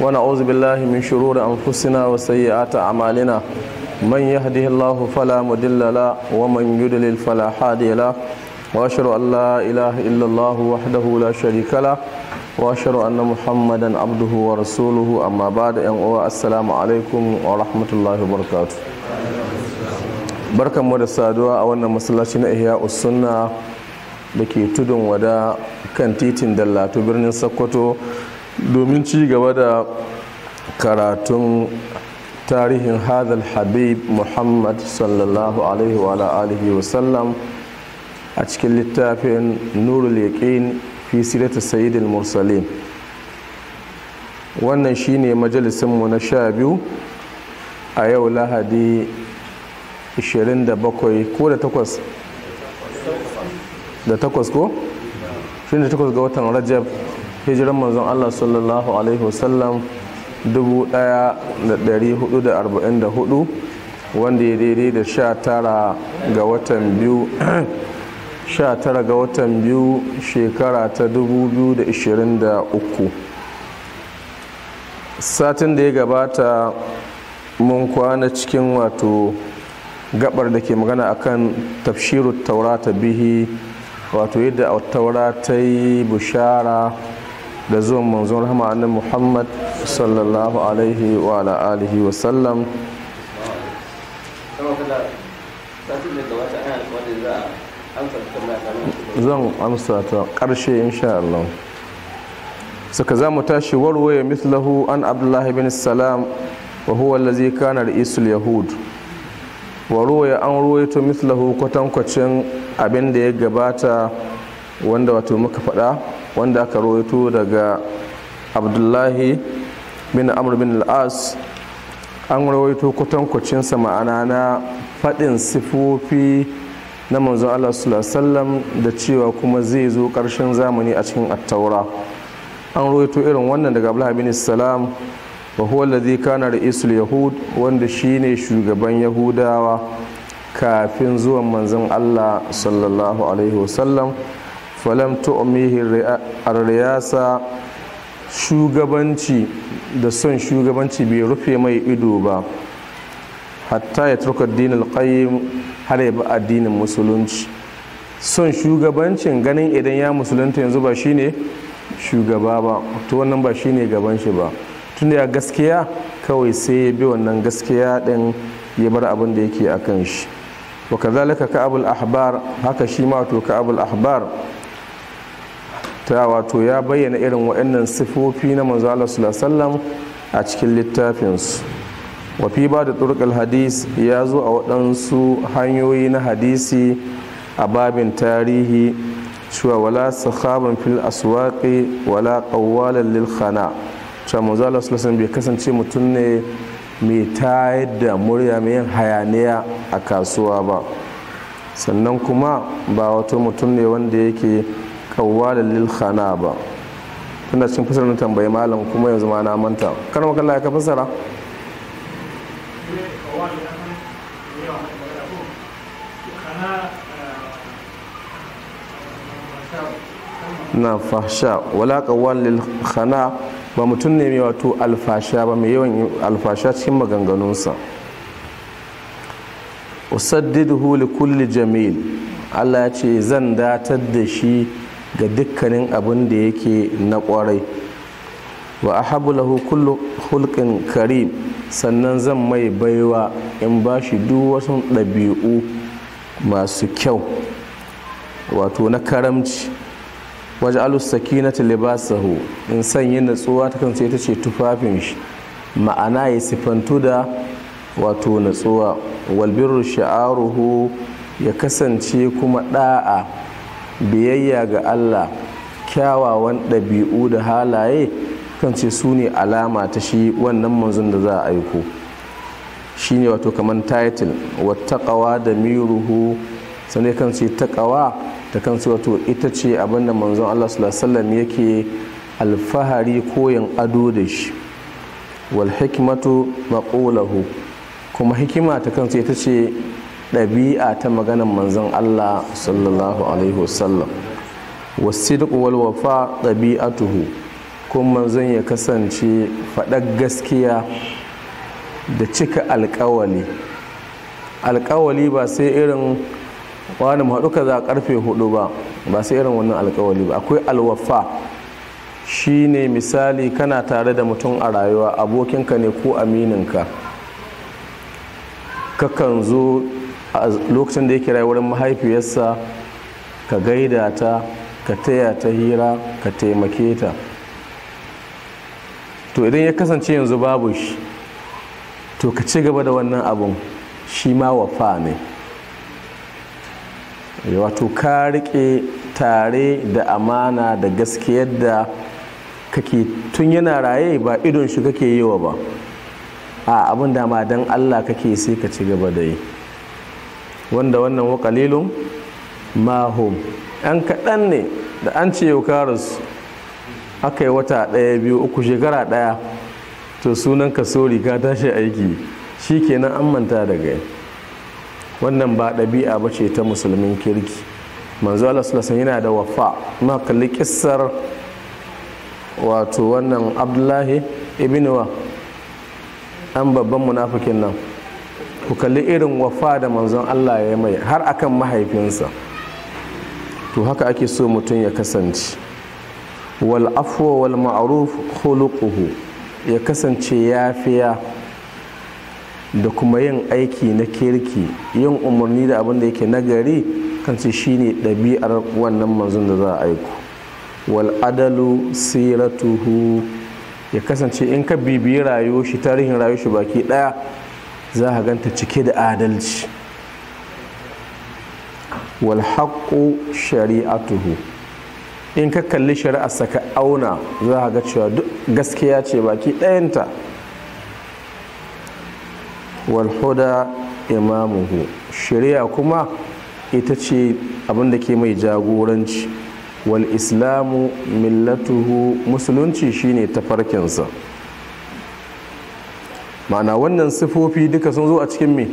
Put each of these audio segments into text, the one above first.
wana auzu billahi min shururu an kusina wa sai ya ta amalina man ya hadi fala mu dillala wa man yi dalil fala hadela wa shiru allah illallahu wa hadahu la shariƙala wa shiru an muhammadan abduhu wa rasuluhu amma ba yan uwa assalamu alaikum wa rahmatullahi wa barakatu barkanmu da saduwa a wannan masallaci na iya usunna da ke tudun wada kan titin dallatu birnin sokoto domin ci gaba da karatun tarihin hadal habib muhammad sallallahu alaihi wa alihi wasallam a cikin littafin nurul yaqin fi sirata sayyidil mursalin wannan shine majalisinmu na sha biyu a yau lahadi 27 ko da 8 da 8 ko 28 ga watan rajab hijiran manzon Allah sallallahu alaihi wasallam 1444 wanda ya daidai da 19 ga watan biyu 19 ga watan biyu shekara ta 2023 satin da ya gabata mun kwana cikin wato gabar da ke magana akan tafsirut taurata bihi wato yadda taura ta yi bushara da zuwan manzon rahama annabi muhammad sallallahu alaihi wa ala alihi wa sallam zan amsa ta ƙarshe insha Allah suka za mu tashi warwaye mislahu an abdullahi bin salam wa huwa allazi kana ra'isul yahud wa ruwaya an ruwaito mislahu kwatankwacin abin da ya gabata wanda wato muka faɗa wanda aka rawaito daga abdullahi bin amr bin al'as an rawaito kwatankwacinsa ma'ana na faɗin sifofi na manzon Allah sallallahu da cewa kuma zai zo ƙarshen zamani a cikin attaura an rawaito irin wannan daga abdullahi bin salam wa huwa alladhi kana ra'isul yahud wanda shine shugaban yahudawa kafin zuwan manzon Allah sallallahu alaihi wasallam falam tu'mihi riyasa shugabanci da son shugabanci bai rufe mai ido ba hatta ya turka dinin qayyim har ya bi addinin musulunci son shugabancin ganin idan ya musulunta yanzu ba shine shugaba ba to wannan ba shine gaban shi ba tunda ya gaskiya kawai sai ya bi wannan gaskiya din ya bar abin da yake akan shi wa kazalika ka'abul ahbar haka shi ma to ka'abul ahbar ta wato ya bayyana irin waɗannan sifofi na manzala Allah a cikin littafinsu wafi ba da turkul hadis ya zo a waɗansu hanyoyi na hadisi a babin tarihi cewa wala sahaban fil aswaƙi wala ƙawalan lil cewa manzala Allah bai kasance mutum ne mai tayar da murya mai yin hayaniya a kasuwa ba sannan kuma ba wato mutum ne wanda yake kawalan lil ba tunda cikin fasar na tambayi malam kuma yanzu ma na manta kar Allah ya ka fasara na fasha wala kawan lil khana ba mutum ne mai wato alfasha ba mai yawan alfasha cikin maganganunsa usaddiduhu li kulli jamil Allah ya ce zan datar da shi ga dukkanin abin da yake na kwarai wa habu lahu kullu hulkin karim sannan zan mai baiwa in ba shi duk wasu ɗabi'u masu kyau wato na karamci waje na talibasahu in sanya natsuwa ta kan ta ce tufafin shi ma'ana ya sifantu da wato natsuwa walbirru sha'aruhu ya kasance kuma ɗa'a. biyayya ga Allah kyawawan ɗabi'u da halaye kan ce su ne alama ta shi wannan manzon da za a aiko shi ne wato kamar title kawa da miruhu sannan kan ce taƙawa ta kan ce wato ita ce abin da manzon Allah sallallahu yake alfahari koyan ado da shi wal hikmatu maqulahu kuma hikima ta kan ce ita ce ɗabi'a ta maganar manzon Allah sallallahu alaihi wasallam wasidq wal wafa ɗabi'atuhu kuma manzon ya kasance faɗar gaskiya da cika alƙawali alƙawali ba sai irin wani mu haɗu kaza karfe hudu ba ba sai irin wannan alƙawali ba akwai alwafa shine misali kana tare da mutum a rayuwa abokinka ne ko amininka kakan zo a lokacin da ya kira wurin mahaifiyarsa ka gaida ta ka taya ta hira ka taimake ta to idan ya kasance yanzu babu shi to ka ci gaba da wannan abun shi ma wafa ne wato ka riƙe tare da amana da gaskiyar da kake tun yana raye ba idon shi kake yi wa ba a abin dama don allah kake sai ka ci gaba da yi wanda wannan wa kalilun mahum yan kaɗan ne da an ce yukarus aka yi wata ɗaya biyu uku shekara ɗaya to sunan ka so tashi aiki shi kenan an manta daga wannan ba ɗabi'a ba ce ta musulmin kirki manzo Allah sallallahu yana da wafa ma kalli kissar wato wannan Abdullahi ibn wa an babban munafikin nan ku kalli irin wafa da manzon Allah ya mai har akan mahaifinsa to haka ake so mutum ya kasance wal afwa wal ma'ruf khuluquhu ya kasance yafiya da kuma yin aiki na kirki yin umarni da abin da yake nagari kanci ne ɗabi'ar wannan manzon da za a aiko wal adalu siratuhu ya kasance in ka bibiyi rayuwar shi tarihin rayuwar shi baki ɗaya za a ganta cike da adalci walhaƙo shari'atuhu in ka kalli shari'arsa saka auna za a ga cewa duk gaskiya ce baki ɗayanta walhuda imamuhu shari'a kuma ita ce abinda ke mai jagoranci wal islamu millatuhu musulunci shine tafarkinsa ma'ana wannan sifofi duka sun zo a cikin me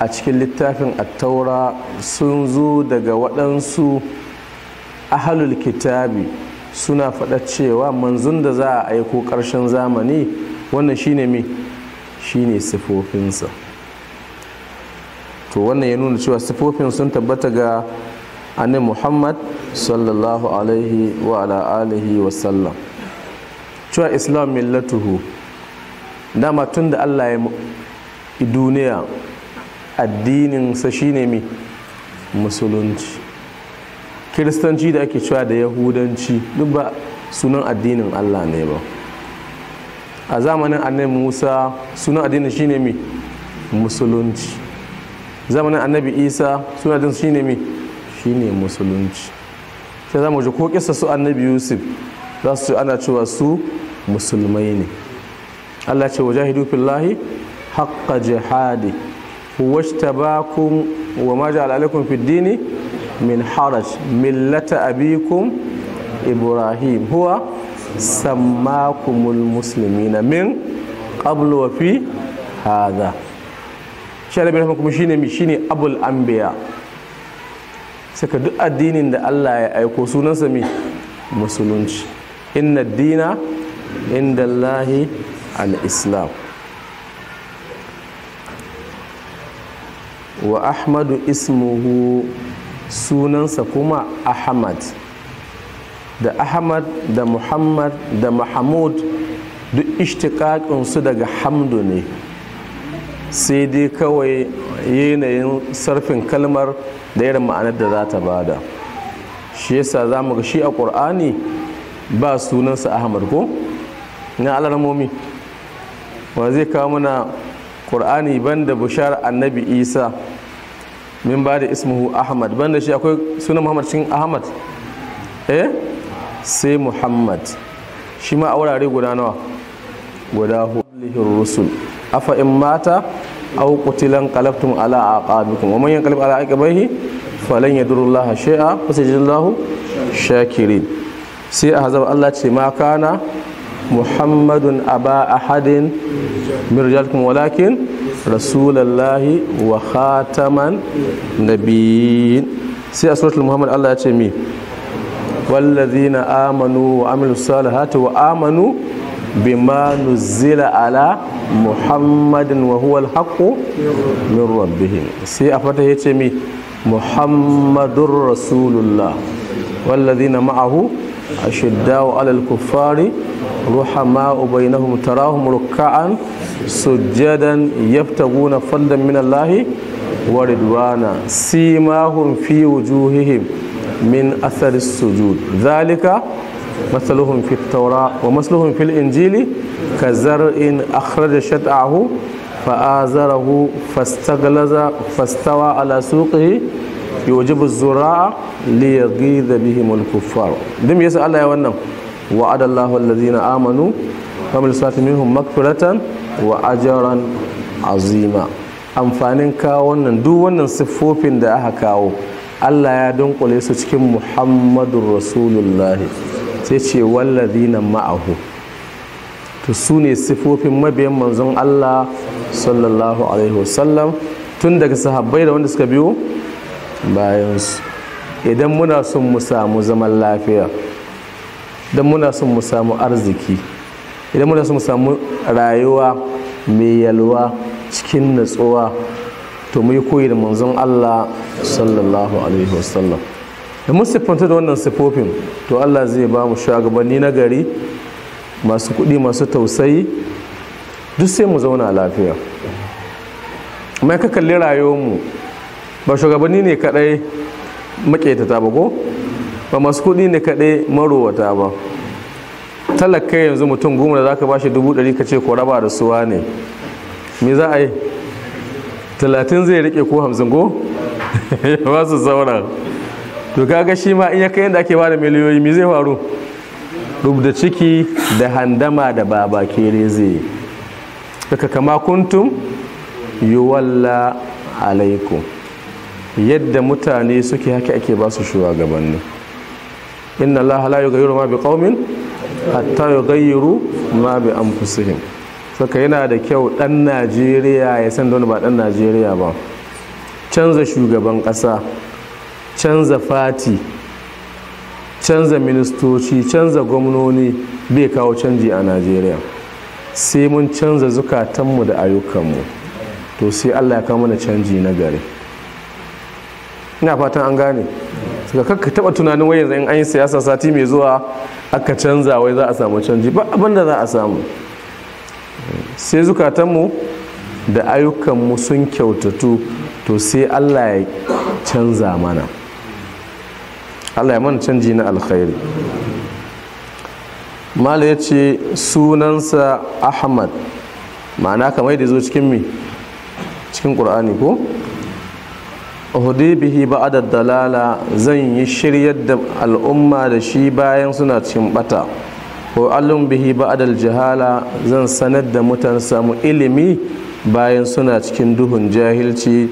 a cikin littafin attaura sun zo daga waɗansu ahalul kitabi suna faɗa cewa manzon da za a aiko ƙarshen zamani wannan shine me shine sifofinsa to wannan ya nuna cewa sifofin sun tabbata ga annabi muhammad sallallahu alaihi wa ala alihi wa cewa islam millatuhu dama tun da allah ya duniya addininsa shine mi musulunci kiristanci da ake cewa da yahudanci duk ba sunan addinin allah ne ba a zamanin annabi musa sunan addinin shine mi musulunci zamanin annabi isa sunan addinin shine mi ne musulunci sai za mu ji ko kisa su annabi yusuf za su ana cewa su musulmai ne Allah ce wajahidu fillahi haqqa jihadi washtabakum wa ma ja'ala alaikum fid min haraj millata abikum ibrahim huwa sammakumul muslimina min qablu wa fi hadha shara bin kuma shine shine abul anbiya saka duk addinin da Allah ya aiko sunansa mi musulunci inna dina inda Allahi al-islam wa ahmadu ismuhu sunansa kuma ahmad da ahmad da muhammad da mahamud duk ishtiƙaƙinsu daga hamdu ne sai dai kawai yanayin sarfin kalmar da irin ma'anar da za ta bada shi yasa za mu ga shi a ƙur'ani ba sunansa ahmad ko na alarmomi wa zai kawo mana ban banda bushar annabi isa min ba da ismuhu ahmad banda shi akwai sunan muhammad cikin ahmad eh sai muhammad shi ma a wurare guda nawa guda hulihin rusul afa in mata aw qutilan qalabtum ala aqabikum wa man yanqalib ala aqibihi falan yadurullaha shay'a wa sayajidullahu shakirin sai a hazab Allah ce ma kana محمد أبا أحد من رجالكم ولكن رسول الله وخاتما نبيين سي أسرة محمد الله يتمي والذين آمنوا وعملوا الصالحات وآمنوا بما نزل على محمد وهو الحق من ربهم سي أفته يتمي محمد رسول الله والذين معه ashidawo alal kufari ruhama ubaina hum tarahum ruka'an sujadan yabtaguna fallan min allahi wa ridwana simahum fi wujuhihim min athari sujud dhalika masaluhum fi tawra wa masluhun fil injili ka zar'in akhraja shat'ahu fa'azarahu fastaglaza fastawa ala suqihi yujibu zura'a li yaghidha bihim al-kuffar dim yasa Allah ya wannan وعد الله الذين آمنوا sati minhum منهم wa وأجرا azima. amfanin kawo wannan duk wannan siffofin da aka kawo Allah ya dunkule su cikin Muhammadu Rasulullahi sai ce wallazina ma'ahu to su ne siffofin mabiyan manzon Allah sallallahu alaihi wasallam tun daga sahabbai da wanda suka biyo bayansu idan muna son mu samu zaman lafiya idan muna son mu samu arziki idan muna son mu samu rayuwa mai yalwa cikin natsuwa to mu yi koyi da manzon Allah sallallahu alaihi wasallam da mun siffanta da wannan sifofin, to Allah zai ba mu shugabanni na gari masu kuɗi masu tausayi duk sai mu zauna lafiya mai ka kalli rayuwar mu? ba shugabanni ne kadai maketata ba ko ba masu ne kadai marowata ba talakai yanzu mutum goma da zaka bashi dubu ɗari ka ce ko raba da suwa ne me za a yi talatin zai rike ko hamsin ko ba su saura to kaga shi ma in ya kai yadda ake bada miliyoyi me zai faru rubda ciki da handama da baba kere zai kaka kama kuntum yuwalla alaikum yadda mutane suke haka ake ba su shugabanni inna Allah la yughayyiru ma biqaumin hatta yughayyiru ma bi anfusihim saka yana da kyau dan Najeriya ya san don ba dan Najeriya ba canza shugaban kasa canza fati canza ministoci canza gwamnoni bai kawo canji a Najeriya sai mun canza zukatanmu da ayyukanmu to sai Allah ya kawo mana canji na gari ina fatan an gane suka kakka taba tunanin wai yanzu in an yi siyasa sati mai zuwa aka canza wai za a samu canji ba abin da za a samu sai zukatanmu da ayyukanmu sun kyautatu to sai allah ya canza mana allah ya mana canji na alkhairi mala ya ce sunansa ahmad ma'ana kamar da zo cikin mi cikin ƙur'ani ko uhudi bihi ba'adar dalala zan yi shiryar da al'umma da shi bayan suna cikin bata ko alun bihi ba'adar Jihala zan sanar da mutane samu ilimi bayan suna cikin duhun jahilci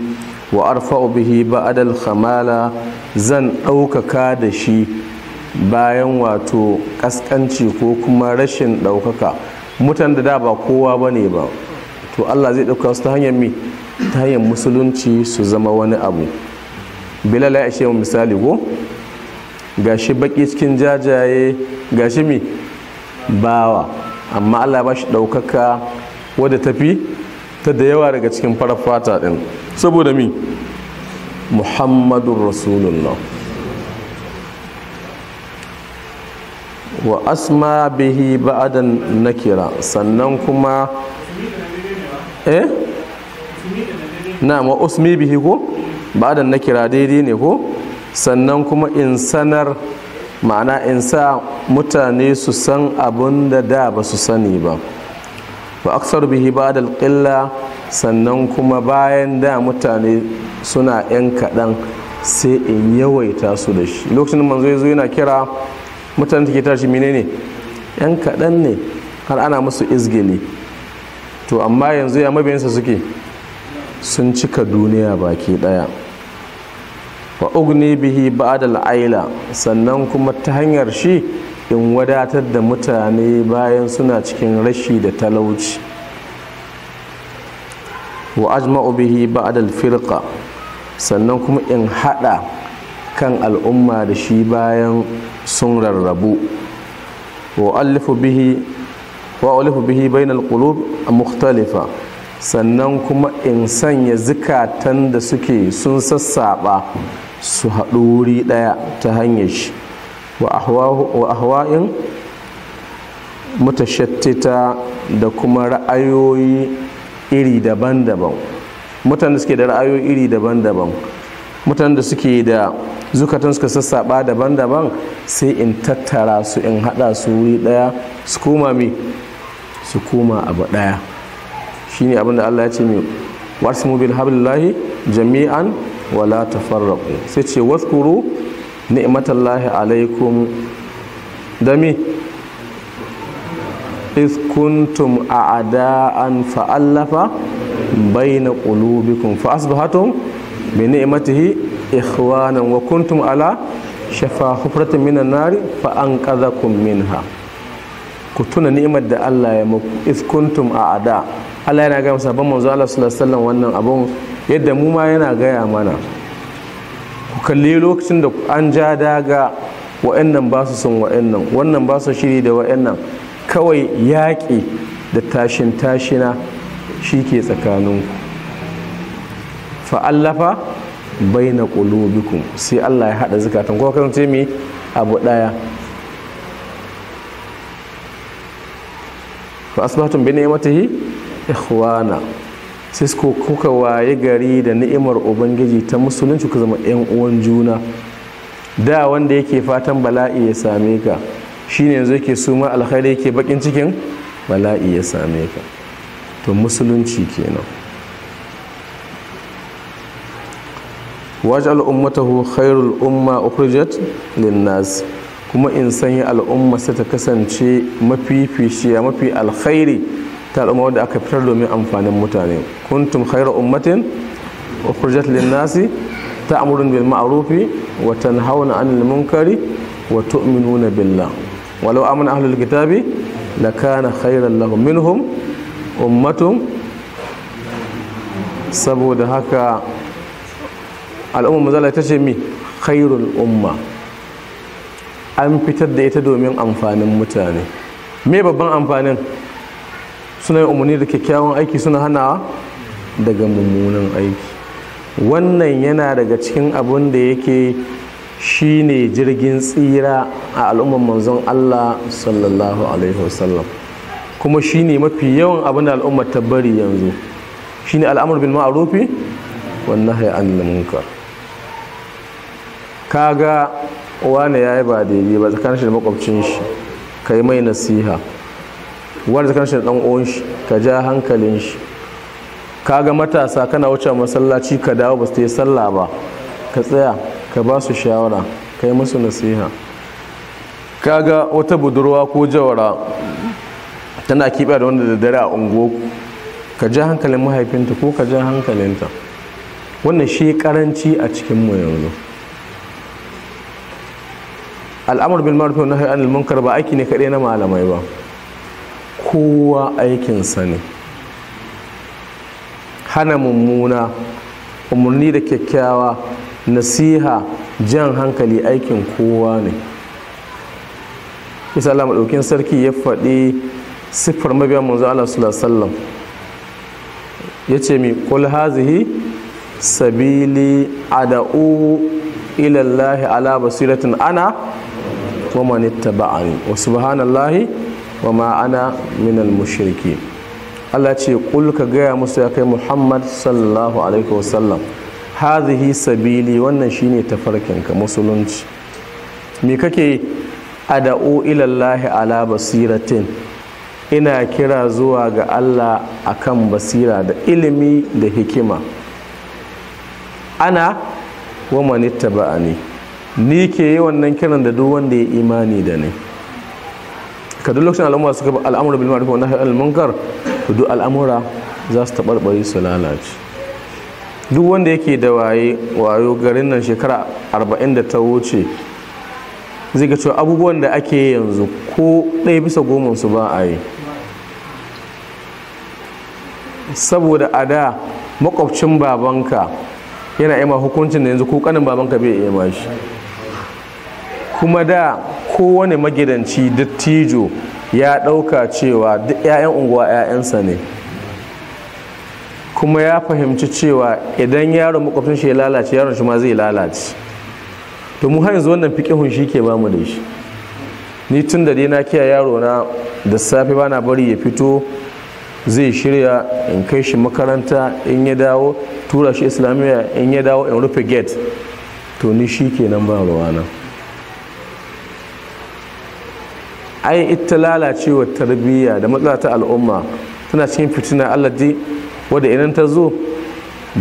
wa arfa'u bihi ba'adar khamala zan ɗaukaka da shi bayan wato ƙasƙanci ko kuma rashin ɗaukaka mutan da da ba kowa ba ne ba to Allah zai ɗauka su ta hanyar mi ta hanyar musulunci su zama wani abu bilal ya ishe misali go gashi baki cikin jajaye gashi mi bawa amma allah ba shi ɗaukaka wadda tafi ta da yawa daga cikin farar fata ɗin saboda mi muhammadun rasulullah wa asma bihi ba'adan nakira sannan kuma eh na usmi bihi ko ba da na kira daidai ne ko sannan kuma in sanar ma'ana in sa mutane su san abin da da ba su sani ba a aksar bihi ba da alƙilla sannan kuma bayan da mutane suna 'yan kaɗan sai in yawaita su da shi lokacin manzo ya zo yana kira mutane take tashi ne 'yan kaɗan ne har ana musu izgili to amma yanzu ya mabiyansa suke sun cika duniya baki ɗaya wa ugni bihi ba'dal aila sannan kuma ta hanyar shi in wadatar da mutane bayan suna cikin rashi da talauci wa ajma'u bihi ba'dal firqa sannan kuma in hada kan al'umma da shi bayan sun rarrabu wa alifu bihi wa alifu bihi bainal qulub mukhtalifa sannan kuma in sanya zukatan da suke sun sassaɓa su haɗu wuri ɗaya ta hanyar shi wa ahwa'in mutashattita da kuma ra'ayoyi iri daban-daban mutane da suke da ra'ayoyi iri daban-daban mutane da suke da zukatan suka sassaɓa daban-daban sai in tattara su in haɗa su wuri ɗaya su koma mi su koma abu ɗaya shine abinda Allah ya ce mai wasmu bil hablillahi jami'an wala tafarraqu sai ce wasu waskuru ni'matallahi alaikum dami iz a a'da'an fa'allafa baina qulubikum fa asbahatum bi ni'matihi ikhwanan wa kuntum ala shafa hufratin minan nari fa min minha ku tuna ni'imar da Allah ya muku iskuntun a a'da' Allah yana ga musabban manzo Allah sallallahu alaihi wannan abun yadda mu ma yana gaya mana ku kalli lokacin da an ja daga wa'annan ba su son wa'annan wannan ba su shiri da wa'annan kawai yaƙi da tashin tashina shi ke tsakaninku fa'allafa bai na sai Allah ya haɗa zukatan ko kasance mi abu ɗaya fa asbahtum bi ni'matihi ikhwana sai kuka waye gari da ni'imar ubangiji ta musulunci ku zama yan uwan juna da wanda yake fatan bala'i ya same ka shine yanzu yake suma alkhairi yake bakin cikin bala'i ya same ka to musulunci kenan waje ummatahu khairul umma ukhrijat linnas kuma in sanya al'umma sai ta kasance mafi fishiya mafi alkhairi ta al'umma wadda aka fitar domin amfanin mutane kuntum khairu ummatin ukhrijat lin-nasi ta'muruna bil ma'rufi wa tanhauna 'anil munkari wa tu'minuna billah walau amana ahlul kitabi lakana khairan lahum minhum ummatun saboda haka al'umma mazala ta ce mi khairul umma an fitar da ita domin amfanin mutane me babban amfanin suna yin umarni da kyakkyawan aiki suna hana daga mummunan aiki wannan yana daga cikin abun da yake shine jirgin tsira a al'ummar manzon Allah sallallahu alaihi wasallam kuma shine mafi yawan abin da al'ummar ta bari yanzu shine al'amur bil ma'rufi wan nahyi anil munkar kaga wani yayi ba daidai ba tsakanin shi da makwabcin shi kai mai nasiha wanda kan shi dan uwan shi ka ja hankalin shi kaga matasa kana wuce masallaci ka dawo basu su yi sallah ba ka tsaya ka ba su shawara kai musu nasiha kaga wata budurwa ko jawara tana kiɓa da wanda da dare a ungo ka ja hankalin mahaifinta ko ka ja hankalinta wannan shi karanci a cikin mu yanzu al'amur bil ma'ruf na nahy munkar ba aiki ne kaɗai na malamai ba kowa aikinsa ne hana mummuna umarni da kyakkyawa nasiha jan hankali aikin kowa ne isa Allah maɗaukin sarki ya faɗi siffar mabiya manzo Allah sallallahu ya ce mi kul hazihi sabili ada'u ilallahi ala basiratin ana wa man ittaba'ani wa subhanallahi wa ma'ana minal mushriki Allah ce kul ka gaya musu ya kai Muhammad sallallahu alaihi wasallam hazihi sabili wannan shine tafarkinka musulunci me kake ada'u ilallahi ala basiratin ina kira zuwa ga Allah akan basira da ilimi da hikima ana wa manittaba'ani ni ke yi wannan kiran da duk wanda ya imani da ni ka duk lokacin al'amura suka bi al'amura bil ma'ruf wa nahy anil munkar duk al'amura za su tabarbare su lalace duk wanda yake da waye wayo garin nan shekara arba'in da ta wuce zai ga cewa abubuwan da ake yanzu ko ɗaya bisa goma su ba a yi saboda a da makwabcin babanka yana ima hukuncin da yanzu ko kanin babanka bai iya shi kuma da kowane magidanci dattijo ya ɗauka cewa duk 'ya'yan unguwa 'ya'yansa ne kuma ya fahimci cewa idan yaron makwabcin shi ya lalace yaron shi ma zai lalace to mu har yanzu wannan fiƙihun shi ke bamu da shi ni tun da dai na kiya yaro na da safe bana bari ya fito zai shirya in kai shi makaranta in ya dawo tura shi islamiyya in ya dawo in rufe gate to ni shi kenan ba ruwana. ai ita lalacewa tarbiyya da matsala ta al'umma tana cikin fitina alladi wadda idan ta zo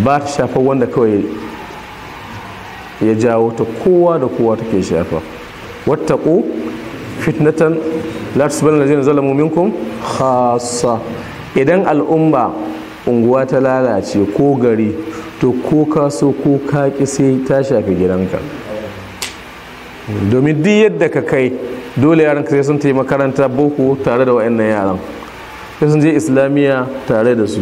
ba ta shafa wanda kawai ya jawo ta kowa da kowa take shafa wattaqu fitnatan la tusbanna allazina zalamu minkum khassa idan al'umma unguwa ta lalace ko gari to ko ka so ko ka ki sai ta shafi gidanka domin duk yadda ka kai dole yaran sai sun taimaka makaranta boko tare da wa'annan yaran sai sun je islamiyya tare da su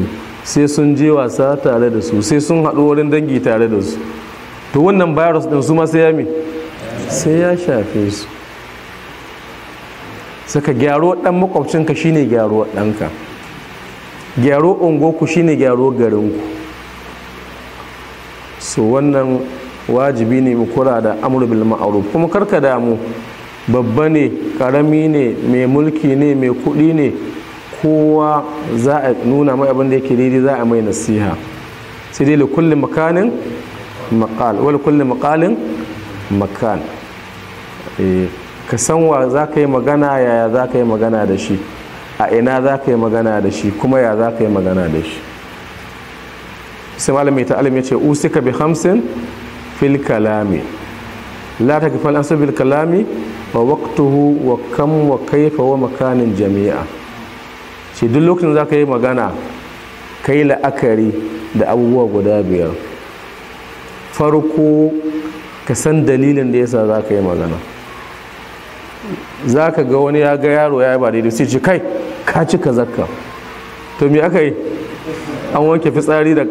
sai sun je wasa tare da su sai sun haɗu wurin dangi tare da su to wannan virus ɗin su ma yami sai ya shafe su saka gyaro ɗan makwabcinka shine gyaro ɗanka gyaro ungoku shine gyaro garinku so wannan wajibi ne mu kura da amur bil kuma kuma karka damu babba ne karami ne mai mulki ne mai kuɗi ne kowa za a nuna mai abin da yake daidai za a mai nasiha sai dai kullum makanin makal wani kullum makalin makal. Eh, ka san wa za ka yi magana yaya za ka yi magana da shi a ina za ka yi magana da shi kuma ya za ka yi magana da shi sai malamai ta alim ya ce usika bi hamsin fil kalami la ta kifal an kalami wa waktuhu wa kam wa kaifa wa makanin jami'a shi duk lokacin za ka yi magana kai la'akari da abubuwa guda biyar farko ka san dalilin da yasa za ka yi magana za ka ga wani ya ga yaro ya yi ba daidai sai ce kai ka ci ka zakka to me aka yi an wanke fitsari da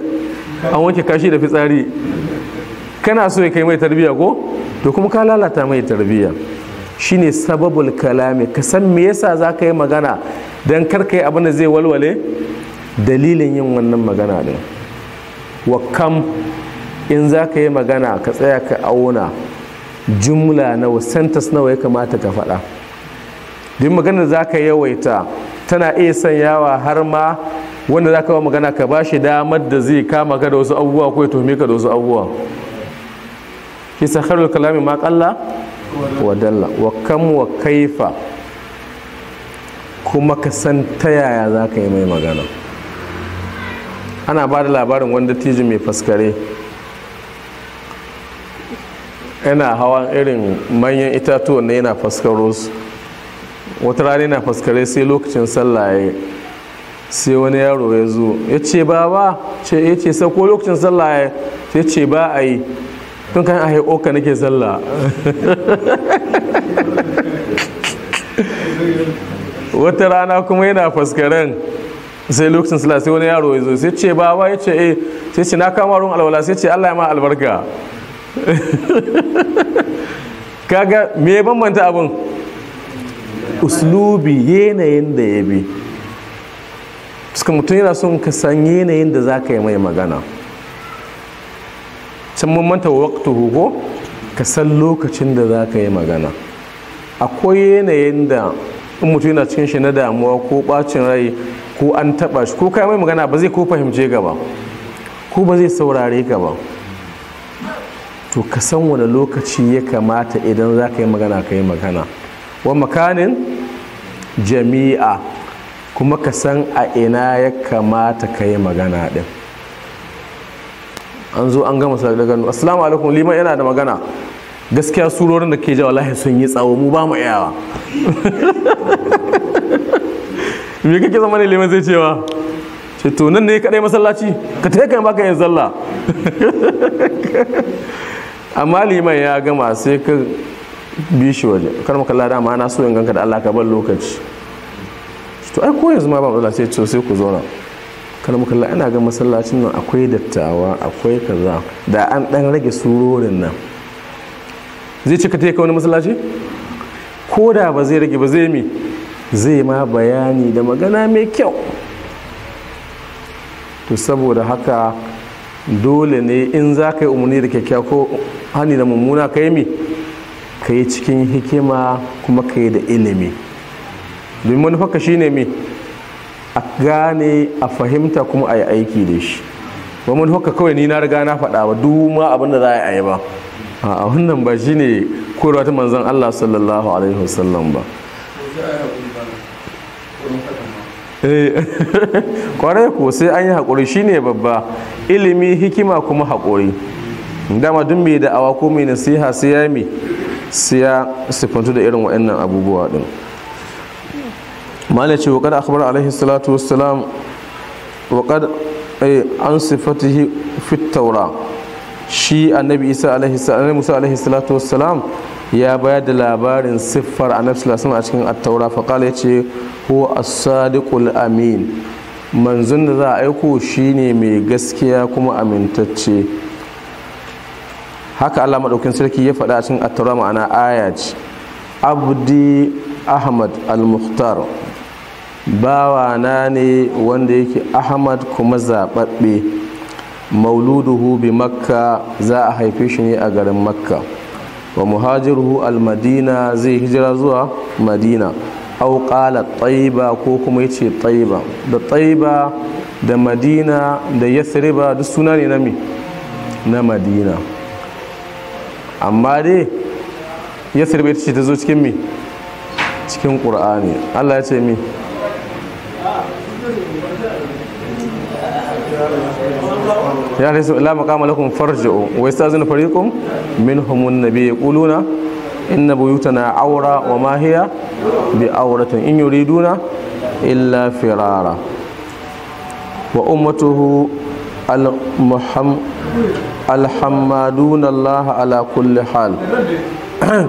an wanke kashi da fitsari kana so ya kai mai tarbiyya ko to kuma ka lalata mai tarbiyya shine sababul kalami ka san me yasa za ka yi magana don karka yi abin da zai walwale dalilin yin wannan magana ne wa kam in za ka yi magana ka tsaya ka auna jumla nawa sentas nawa ya kamata ka faɗa duk maganar za ka yawaita tana iya sanyawa har ma wanda za ka magana ka ba shi damar da zai kama ka da wasu abubuwa ko ya tome ka da wasu abubuwa Kisa khairul kalami ma qalla wa dalla wa kam wa kaifa kuma ka san ta yaya za ka yi mai magana ana ba da labarin wanda tijin mai faskare yana hawan irin manyan itatuwa na yana faskaro su wata rana yana faskare sai lokacin sallah ya sai wani yaro ya zo ya ce ba ba ce ya ce sako lokacin sallah ya ce ba a yi tun kan ahe oka nake sallah wata rana kuma yana faskaren sai lokacin sallah sai wani yaro ya sai ce baba ya ce eh sai ce na kama ruwan alwala sai ce Allah ya ma albarka kaga me ya bambanta abun? uslubi yanayin da ya bi suka mutum yana son ka san yanayin da za ka yi mai magana can mun manta waktu hugo ka san lokacin da za ka yi magana akwai yanayin da in mutum yana cikin shi na damuwa ko bacin rai ko an taba shi ko kai mai magana ba zai ko fahimce gaba ko ba zai saurare gaba to ka san wani lokaci ya kamata idan za ka yi magana ka yi magana wa makanin jami'a kuma ka san a ina ya kamata ka yi magana ɗin. an zo an gama da gano assalamu alaikum liman yana da magana gaskiya surorin da ke jawa lahi sun yi tsawo mu ba mu iyawa me kake zama ne liman zai cewa ce to nan ne kadai masallaci ka tafi yi baka yin zalla amma liman ya gama sai ka bi shi waje kar maka lada ma na so in ganka da Allah ka bar lokaci to ai ko yanzu ma ba da sai to sai ku zauna kar muka la ina ga masallacin nan akwai dattawa akwai kaza da an dan rage surorin nan zai cika ta wani masallaci ko da ba zai rage ba zai mi zai ma bayani da magana mai kyau to saboda haka dole ne in za ka yi umarni da kyakkyawa ko hani da mummuna ka yi mi ka yi cikin hikima kuma ka yi da ilimi domin manufarka shine mi a gane a fahimta kuma a yi aiki da shi ba mun haka kawai ni na riga na faɗa ba duk ma abin da za a yi ba a wannan ba shine koyarwa ta manzon Allah sallallahu alaihi wasallam ba eh, kwarai ko sai an yi haƙuri shine babba ilimi hikima kuma haƙuri dama duk mai da'awa ko mai nasiha sai ya mi sai ya sifantu da irin waɗannan abubuwa ɗin mala ce waƙar akhbar alaihi salatu wassalam waƙar eh, an sifatihi fit taura shi annabi isa alaihi salatu musa alaihi salatu wassalam ya bayar da labarin siffar annabi sallallahu a cikin at-taura fa qala yace huwa as-sadiqul amin manzon da za a aiko shine mai gaskiya kuma amintacce haka Allah madaukin sarki ya faɗa a cikin at-taura ma'ana ayat ce abdi ahmad al-mukhtar bawana ne wanda yake ahmad kuma zaɓaɓɓe mauluduhu bi makka za a haife shi ne a garin makka wa muhajiruhu madina zai hijira zuwa madina au ƙala ko kuma ya ce taiba da taiba da madina da yathriba duk suna ne na na madina amma dai yathriba ita ce ta zo cikin mi cikin ƙur'ani allah ya ce mi ya rasu la maqama lakum farji'u wa yastazinu fariqum minhum an-nabiy yaquluna inna buyutana awra wa ma hiya bi awratin in yuriduna illa firara wa ummatuhu al-muham alhammaduna Allah ala kulli hal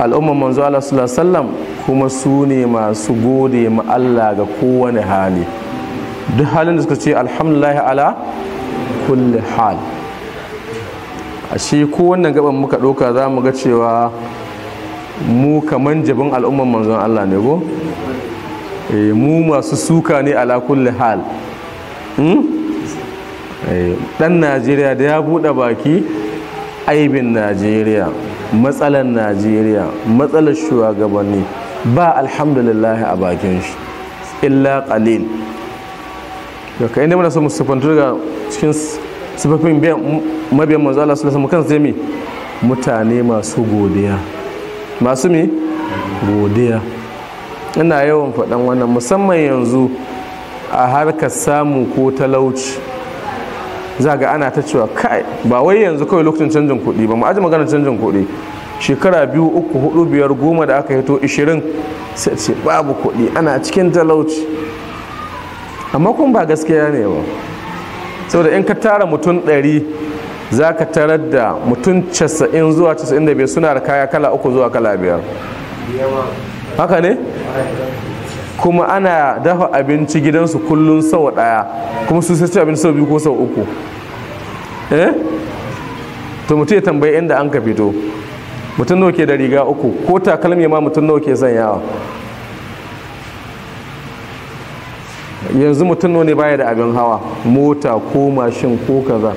al'umman manzo Allah sallallahu alaihi wasallam kuma su ne masu gode ma Allah ga kowane hali duk halin da suka ce alhamdulillah ala kulli hal a shi ko wannan gaban muka ɗauka za mu ga cewa mu kaman jabin al'umman manzon Allah ne ko eh, mu masu suka ne ala kulli hal hmm? eh, Ɗan najeriya da ya buɗe baki aibin najeriya matsalar najeriya matsalar shugabanni ba alhamdulillah a bakin shi illa qalil da mana inda muna samun mu ga daga cikin sufafin mabiyan manzo Allah sallallahu alaihi wasallam kan mutane masu godiya masu me godiya ina yawan faɗan wannan musamman yanzu a harkar samu ko talauci za ga ana ta cewa kai ba wai yanzu kawai lokacin canjin kuɗi ba mu aji magana canjin kuɗi shekara biyu uku hudu biyar goma da aka hito ishirin sai ce babu kuɗi ana cikin talauci amma kuma ba gaskiya ne ba saboda in ka tara mutum 100 za ka tarar da mutum 90 zuwa casa'in da bai suna da kaya kala uku zuwa kala biyar haka ne kuma ana dafa abinci gidansu kullum sau daya kuma su sai abinci sau biyu ko sau uku eh to mutum ya tambayi inda an ka fito mutum nawa ke da riga uku ko takalmi ma mutum nawa ke sanyawa yanzu mutum ne baya da abin hawa mota ko mashin ko kaza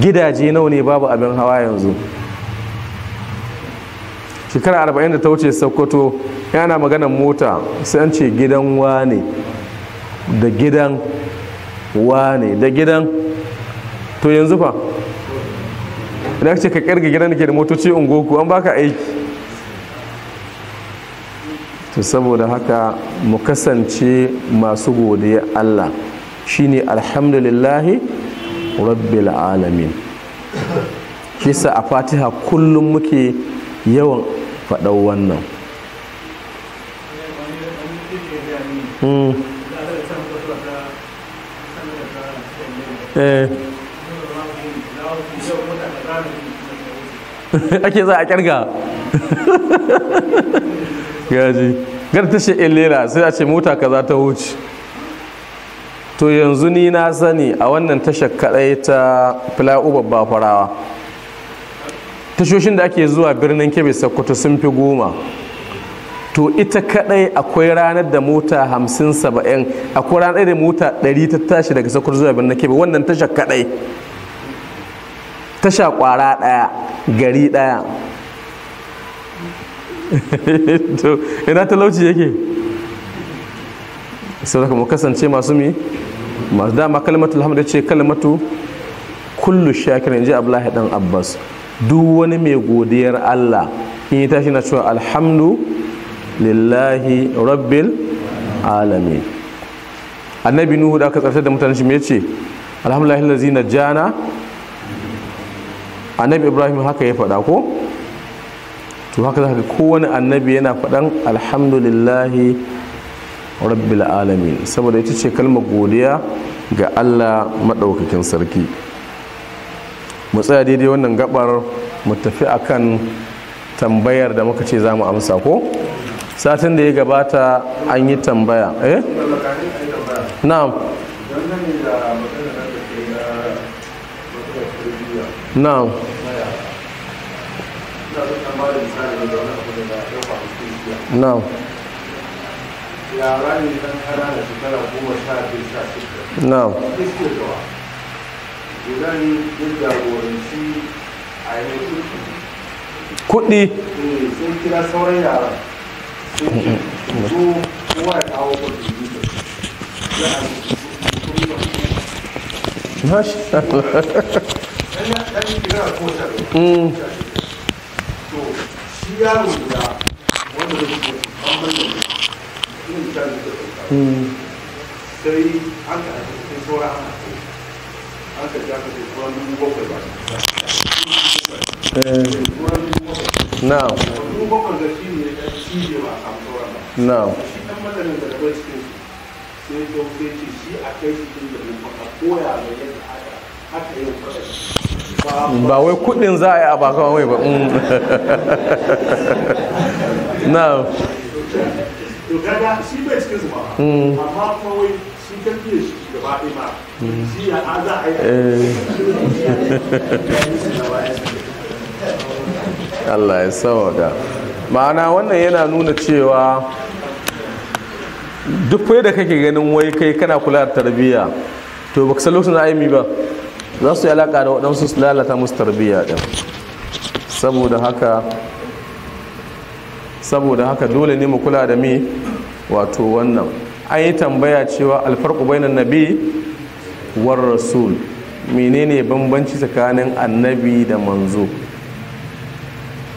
gidaje nawa ne babu abin hawa yanzu shekara arba'in da ta wuce sokoto yana magana mota sai an ce gidan wane da gidan wane da gidan to yanzu fa idan ce ka kirga gidan da ke da motoci ungoku an baka aiki to saboda haka mu kasance masu godiya Allah shine alhamdulillahi rabbil alamin kisa a fatiha kullum muke yawan faɗa wannan hmm. eh. ake za a kirga gaji gar ta ce in eh, lera sai a ce mota kaza ta wuce to yanzu ni na sani a wannan tashar kadai ta flyover bafarawa. farawa tashoshin da ake zuwa birnin kebe sokoto sun fi goma to ita kadai akwai ranar da mota hamsin saba'in akwai ranar da mota ɗari ta tashi daga sokoto zuwa birnin kebe wannan tashar kadai tasha kwara ɗaya gari ɗaya to ina talauci yake sai zaka mu kasance masu mi masu dama kalmatu alhamdu ce kalmatu kullu shakirin ji abdullahi dan abbas duk wani mai godiyar allah in yi tashi na cewa alhamdu lillahi rabbil alami annabi nuhu da aka tsarta da mutane shi me ce alhamdulillahi na jana annabi ibrahim haka ya faɗa ko to haka zaka kowane annabi yana faɗan alhamdulillahi rabbil alamin saboda ita ce kalmar godiya ga Allah maɗaukakin sarki mu tsaya daidai wannan gabar mu tafi akan tambayar da muka ce za mu amsa ko satin da ya gabata an yi tambaya eh na'am na'am ba da goma jagoranci kuɗi sun kira sauran kawo to shi yaro guda wanda da shi hmm. an bayyana irin ta da sai ja ka dubu bakwai ba Now. Now. Now. ba wai kudin za a yi a baka wai ba mm. na mm. mm. eh. Allah ya sawaga ma'ana wannan yana nuna cewa duk da kake ganin wai kai kana kula da tarbiyya to baka san lokacin da aimi ba za su yi alaƙa da waɗansu su lalata musu tarbiyya ɗin saboda haka dole ne mu kula da mi wato wannan an yi tambaya cewa alfarku bainan nabi war rasul menene bambanci tsakanin annabi da manzo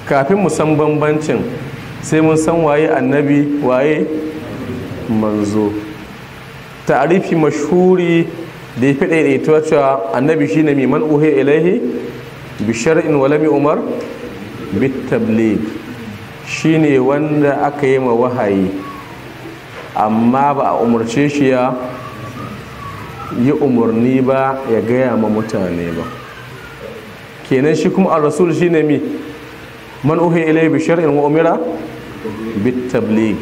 kafin mu san bambancin sai mun san waye annabi waye manzo ta'arifi mashhuri da ya fi ta cewa annabi shi ne miman uhe ilaihi bi shar'in walami umar bit tabligh shi ne wanda aka yi ma wahayi amma ba a umarce shi ya yi umarni ba ya gaya ma mutane ba kenan shi kuma al-rasul shi ne mi man uhe ilaihi bi shar'in wa umira bit tabligh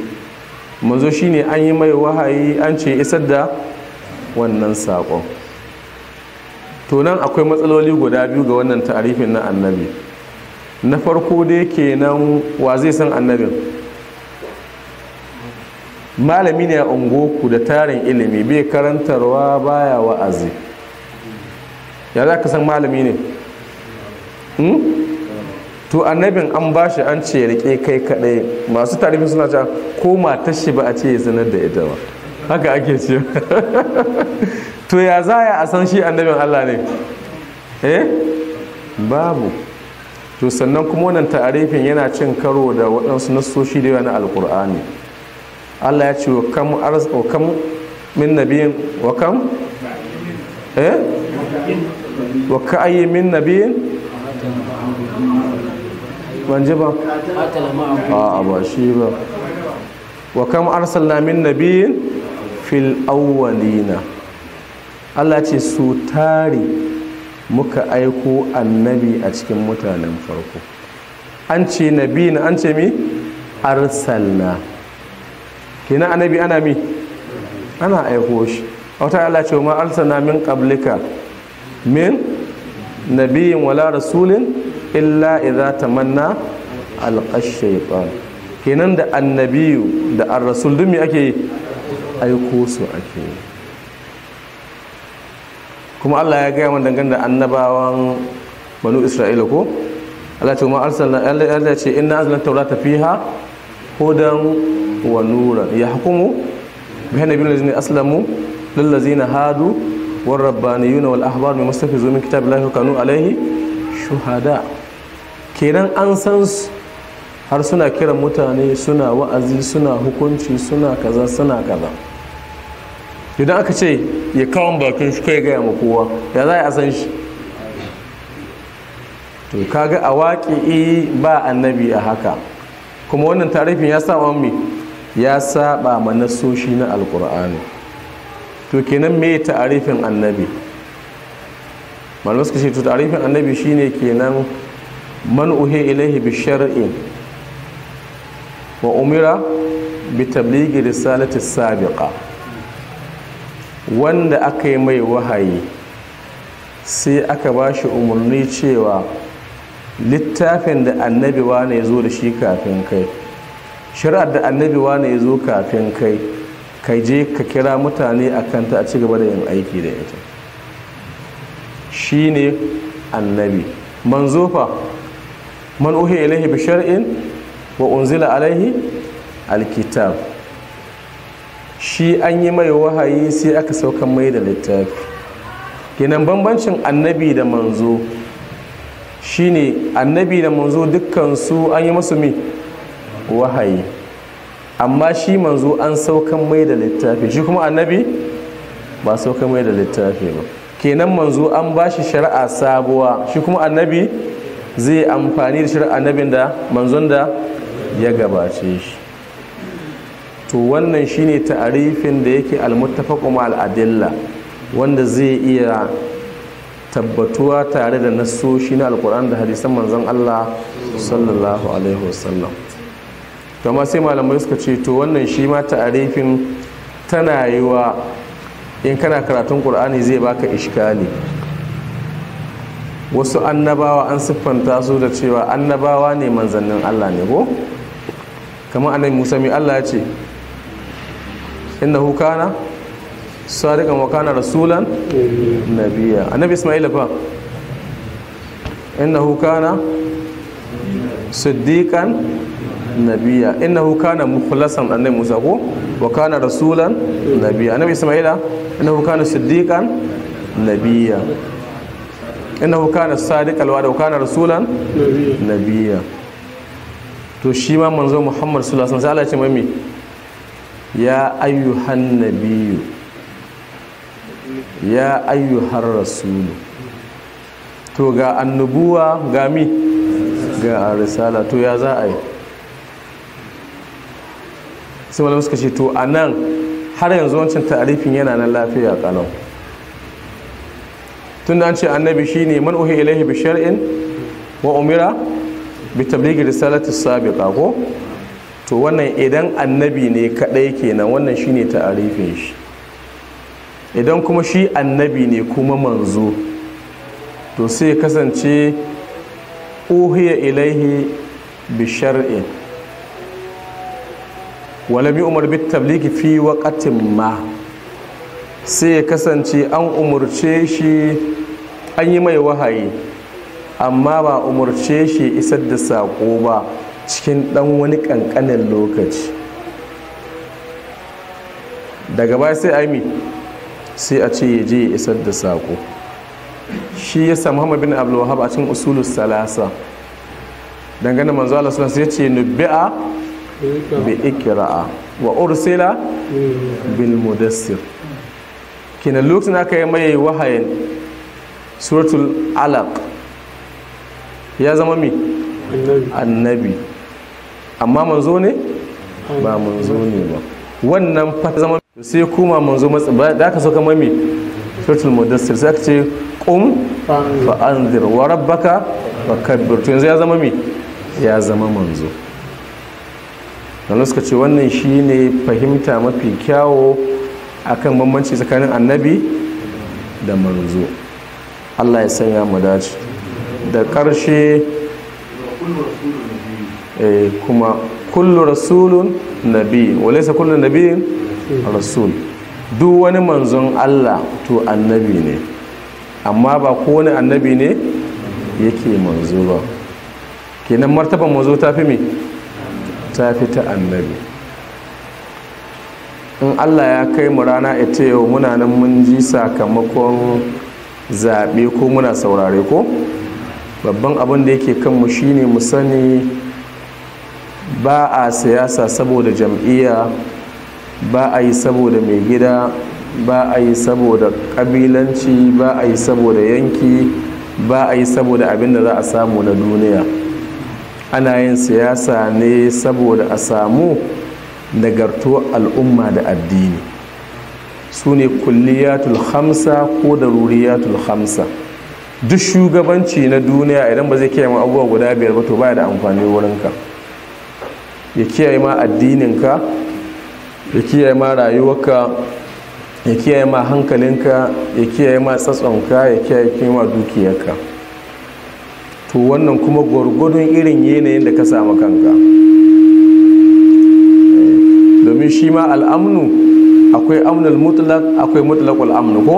manzo shine an yi mai wahayi an ce isar da wannan saƙon tunan akwai matsaloli guda biyu ga wannan tarifin na annabi na farko dai kenan wa zai san annabin malami ne a ungoku da tarin ilimi bai karantarwa baya wa'azi ya za ka san malami ne hmm? to annabin an ba shi an ce riƙe kai kaɗai, masu tarifin suna cewa ko matar shi ba a ce ya sanar da ita ba haka ake ce to ya za a san shi annabin Allah ne eh babu to sannan kuma wannan ta'arifin yana cin karo da waɗansu nassoshi da yana na alkur'ani Allah ya ce wa kam arziki kam min nabiyin wa kam eh wa ayi min nabiyin ban ji ba a ba shi ba wa kam arsalna min nabiyin fil awwalina Allah ce su tari muka aiko annabi a cikin mutanen farko an ce nabi na an ce mi arsalna kina annabi ana mi ana aiko shi wata Allah ce ma arsalna min qablika min nabiyin wala rasulin illa idza tamanna alqash shaytan kenan da annabiyu da ar-rasul dumi ake aiko su ake kuma Allah ya gaya mana dangane annabawan banu Isra'ila ko Allah ce kuma arsalna Allah ce inna anzalna tawrata fiha hudan wa nuran yahkumu bihi lalazi ne aslamu lalazi na hadu wal rabbaniyuna wal ahbar min zo min lafi kanu alaihi shuhada kenan an san har suna kiran mutane suna wa'azi suna hukunci suna kaza suna kaza idan aka ce ya kawon bakin shi kai gaya ma kowa ya za a san shi to kaga a waƙi eh, ba annabi a haka kuma wannan tarifin ya saba wani ya saba ma nasoshi na alkur'ani to kenan me tarifin annabi malamai suka ce to tarifin annabi shine kenan manuhe ilahi ilaihi bi wa umira bi tabligi risalati sabiqa wanda aka yi mai wahayi sai aka ba shi umarni cewa littafin da annabi wane ya zo da shi kafin kai shari'ar da annabi wane ya zo kafin kai ka je ka kira mutane a kanta a cigaba da yin aiki da ita shi ne annabi man zofa man uhe ilahi bishar'in shar'in wa unzila alaihi alkitab shi an yi mai wahayi sai aka saukan mai da littafi kenan bambancin annabi da manzo shine annabi da manzo dukkansu an yi masu mai wahayi amma shi manzo an saukan mai da littafi shi kuma annabi ba saukan mai da littafi ba kenan manzo an ba shi shari'a sabuwa shi kuma annabi zai amfani da shari'a annabin da manzon da ya gabace shi to wannan shine ta'arifin da yake almuttafaqu ma al'adilla wanda zai iya tabbatuwa tare da nassoshi na Alƙuran da hadisan manzon Allah sallallahu alaihi wasallam to sai malamai suka ce to wannan shi ma ta'arifin tana yiwa in kana karatun qur'ani zai baka iskali wasu annabawa an siffanta su da cewa annabawa ne manzannin Allah ne ko kamar annabi Musa mai Allah ya ce innahu kana sadiqan wa kana rasulan nabiyya annabi isma'ila fa innahu kana siddiqan nabiya innahu kana mukhlasan annabi Musa ko wa kana rasulan nabiya annabi Isma'ila innahu kana siddiqan nabiya innahu kana sadiqal wa kana rasulan nabiya to shi ma manzo Muhammad sallallahu alaihi wasallam sai Allah ya ce mai ya ayyuhan nabiyu ya ayyuhar rasulu to ga annubuwa ga mi ga risala to ya za a yi sai wani suka to a nan har yanzu wancan ta'arifin yana nan lafiya kanau. tun da an ce annabi shi ne man uhe ilaihi bisharin wa umira bi risalatu risalati sabiqa ko to wannan idan annabi ne kadai kenan wannan shine ta'arifin shi idan kuma shi annabi ne kuma manzo to sai kasance uhiya ilaihi bi shar'in bi umar bit tabliki fi waqtin ma sai kasance an umurce shi an yi mai wahayi amma ba umurce shi isar da sako ba cikin ɗan wani kankanin lokaci daga baya sai aimi sai a ce ya je ya isar da saƙo shi ya sa hama bin abdullahab a cikin usulun salasa dangane manzo Allah suna sai ce nubi'a bi ikira'a wa ursila bil mudassir kina lokacin aka yi mai wahayin suratul alaq ya zama mi annabi amma manzo ne ba manzo ne ba wannan fata zama sai kuma manzo matsa da aka so kamar me suratul mudassir sai aka ce qum fa anzir wa rabbaka kabbir to yanzu ya zama me ya zama manzo wanda suka ce wannan shine fahimta mafi kyawo akan bambanci tsakanin annabi da manzo Allah ya sanya mu dace da ƙarshe Eh, kuma kullu rasulun nabi walaisa kullu nabi rasul duk wani manzon Allah to annabi ne amma ba kowane annabi ne yake manzo ba kenan martaba manzo ta fi me ta fi ta annabi in Allah ya kai mu rana ita yau muna nan mun ji sakamakon zaɓe ko muna saurare ko babban abin da yake kanmu shine mu sani ba a siyasa saboda jam'iyya ba a yi saboda mai gida ba a yi saboda ƙabilanci ba a yi saboda yanki ba a yi saboda abin da za a samu na duniya ana yin siyasa ne saboda a samu nagarto al'umma da addini su ne kulliyatul hamsa ko da ruriyatul hamsa duk shugabanci na duniya idan ba zai kiyaye abubuwa guda biyar ba to baya da amfani wurinka ya kiyaye ma addininka ya kiyaye ma rayuwarka ya kiyaye ma hankalinka ya kiyaye ma tsatsonka ya kiyaye ma dukiyarka to wannan kuma gwargwadon irin yanayin da ka samu kanka eh, domin shi ma al'amnu akwai amnul mutlaq akwai mutlaqul amnu ko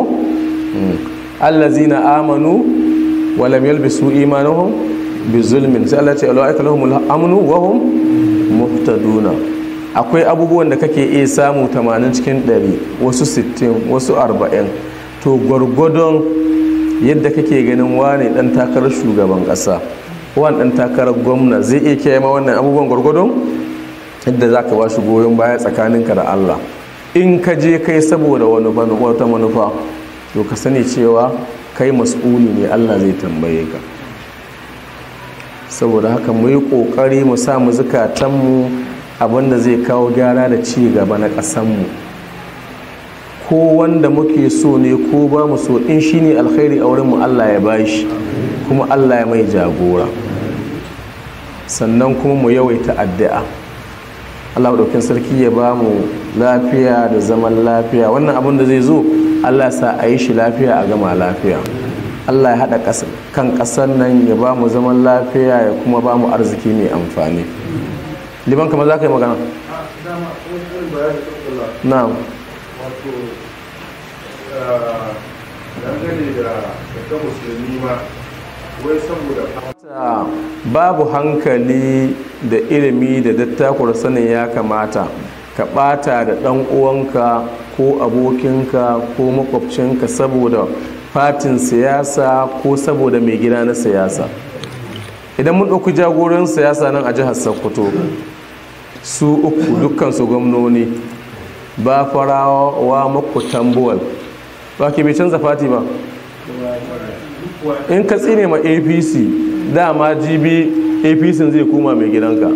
hmm. allazina amanu wa lam yalbisu imanuhum bi zulmin sai Allah ya ce lahumul amnu wa hum muftaduna akwai abubuwan da kake iya samu 80 cikin 100 wasu 60 wasu 40 to gwargwadon yadda kake ganin wane dan takarar shugaban kasa wani dan takarar gwamna zai iya kiyaye wannan abubuwan gwargwadon yadda za ka bashi goyon baya tsakaninka da allah in ka je kai saboda wani wata manufa to ka sani cewa kai mas'uli ne allah zai tambaye ka saboda haka mu yi ƙoƙari mu sa mu zukatanmu abinda zai kawo gyara da ci gaba na ƙasanmu ko wanda muke so ne ko ba mu so in shi ne alkhairi a wurinmu allah ya shi kuma allah ya mai jagora sannan kuma mu yawaita addu'a allah ɗaukin sarki ya ba mu lafiya da zaman lafiya wannan abin da zai zo allah sa a yi shi lafiya a gama lafiya allah ya haɗa ƙasa kan ƙasar nan ya ba mu zaman lafiya ya kuma ba mu arziki mai amfani liban kamar za ka yi magana babu hankali da ilimi da dattakwar sanin ya kamata ka bata da ɗan uwanka ko abokinka ko makwabcinka saboda fatin siyasa ko saboda mai gida na siyasa idan mun ɗauki jagoran siyasa nan a jihar sokoto su uku dukkan su gwamnoni ba farawa maku tambuwal ba ke mai canza fati ba in ka tsine ma apc dama gb apc zai koma mai gidanka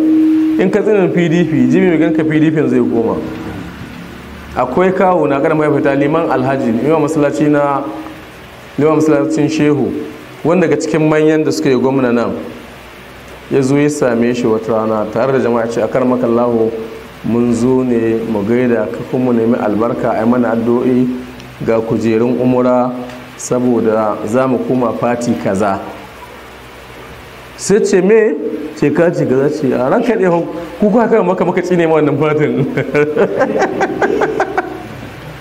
in ka tsinin pdp jibi mai gidanka pdp zai koma akwai kawo na kada mai fita liman alhaji yawan masallaci na lewa masallacin shehu wanda daga cikin manyan da suka yi gwamna nan ya zo ya same shi wata rana tare da jama'a ce a kar lahu mun zo ne mu gaida ka kuma nemi albarka a mana addu'o'i ga kujerun umura saboda za mu koma fati kaza sai ce me ce ka ce kaza ce a kaɗe kuka kan maka maka tsine ma wannan fatin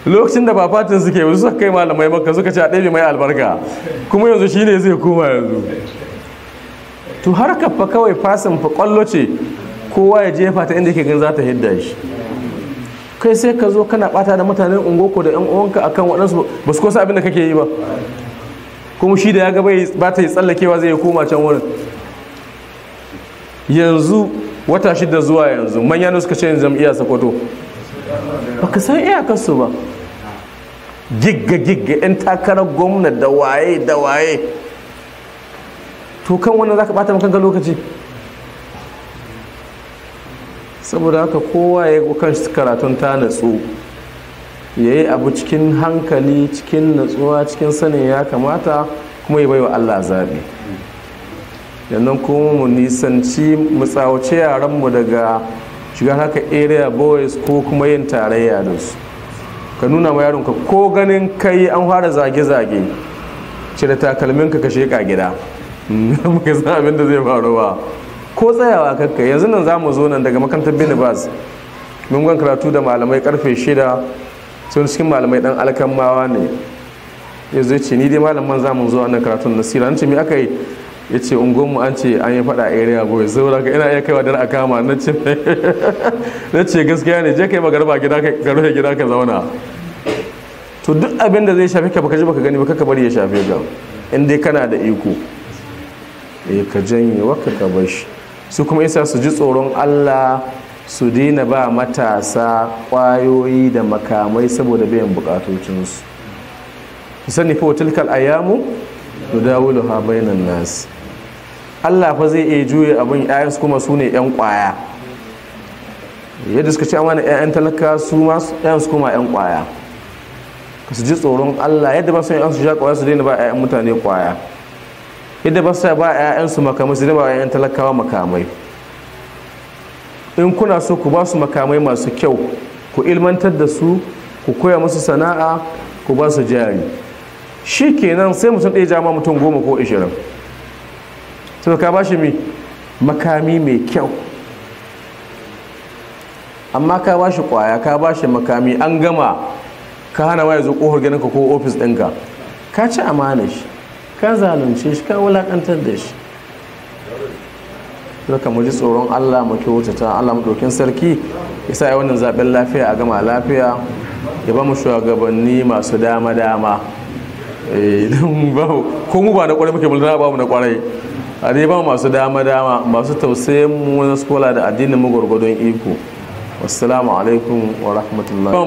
lokacin da ba fatin suke yanzu suka kai malamai maka suka ce a ɗebe mai albarka kuma yanzu shine zai koma yanzu to ka fa kawai fasin fa kwallo ce kowa ya jefa ta inda yake gan za ta hidda shi kai sai ka zo kana bata da mutanen ungoko da yan uwanka akan waɗansu ba su kosa abinda kake yi ba kuma shi da ya ga ba ta yi tsallakewa zai koma can wurin yanzu wata shida zuwa yanzu manyan suka ce jam'iyyar ba ka san iyakarsu ba gigga-gigga 'yan takarar gwamna da waye da waye to kan wannan za ka ɓata ga lokaci saboda haka kowa ya kan karatun ta natsu ya yi abu cikin hankali cikin natsuwa cikin sanin ya kamata kuma ya baiwa allah zaɓi yannan kuma mu nisanci mu tsawace yaranmu daga shiga haka area boys ko kuma yin tarayya da su ka nuna ma yaronka ko ganin kai an fara zage-zage cire takalminka ka sheka gida muka san abin da zai faru ba ko tsayawa kakka yanzu nan za mu zo nan daga makarantar binibas mun gwan karatu da malamai karfe shida sun cikin malamai dan alkan mawa ne ya ce ni dai malaman za mu zo nan karatun nasira ce me aka yi ya ce ungonmu an ce an yi fada area boy saboda ka ina iya kaiwa dare a kama na ce gaskiya ne je kai magarba gida ka rufe gida ka zauna to duk abin da zai shafe ka baka ji baka gani baka bari ya shafe ka in dai kana da iko eh ka janye waka ka bar shi su kuma isa su ji tsoron Allah su dina ba matasa kwayoyi da makamai saboda biyan bukatocinsu sani fa tilkal ayamu nudawuluha bainan nas Allah fa zai iya juye abin su kuma su ne ƴan ƙwaya yadda suka ce ne ƴaƴan talaka su ma su kuma ƴan ƙwaya ka su ji tsoron Allah yadda ba su ƴaƴan su ja ƙwaya su daina ba ƴaƴan mutane ƙwaya yadda ba su ba ƴaƴan su makamai su daina ba ƴaƴan talakawa makamai in kuna so ku ba su makamai masu kyau ku ilmantar da su ku koya musu sana'a ku ba su jari shi kenan sai mutum ɗaya jama mutum goma ko ashirin so ka shi mai makami mai kyau amma ka ba shi kwaya ka ba shi makami an gama ka hana waya zo kofar ka ko ofis ɗinka ka ci amana shi ka zalunce shi ka wulakantar da shi zaka mu ji tsoron Allah mu ta Allah mu sarki ya ya wannan zaben lafiya a gama lafiya ya ba mu shugabanni masu dama dama eh don ba ko mu ba na kwarai muke mulana ba mu na kwarai a dai ba masu dama dama masu tausayin mu na skola da addinin mu gwargwadon iko wassalamu alaikum wa rahmatullahi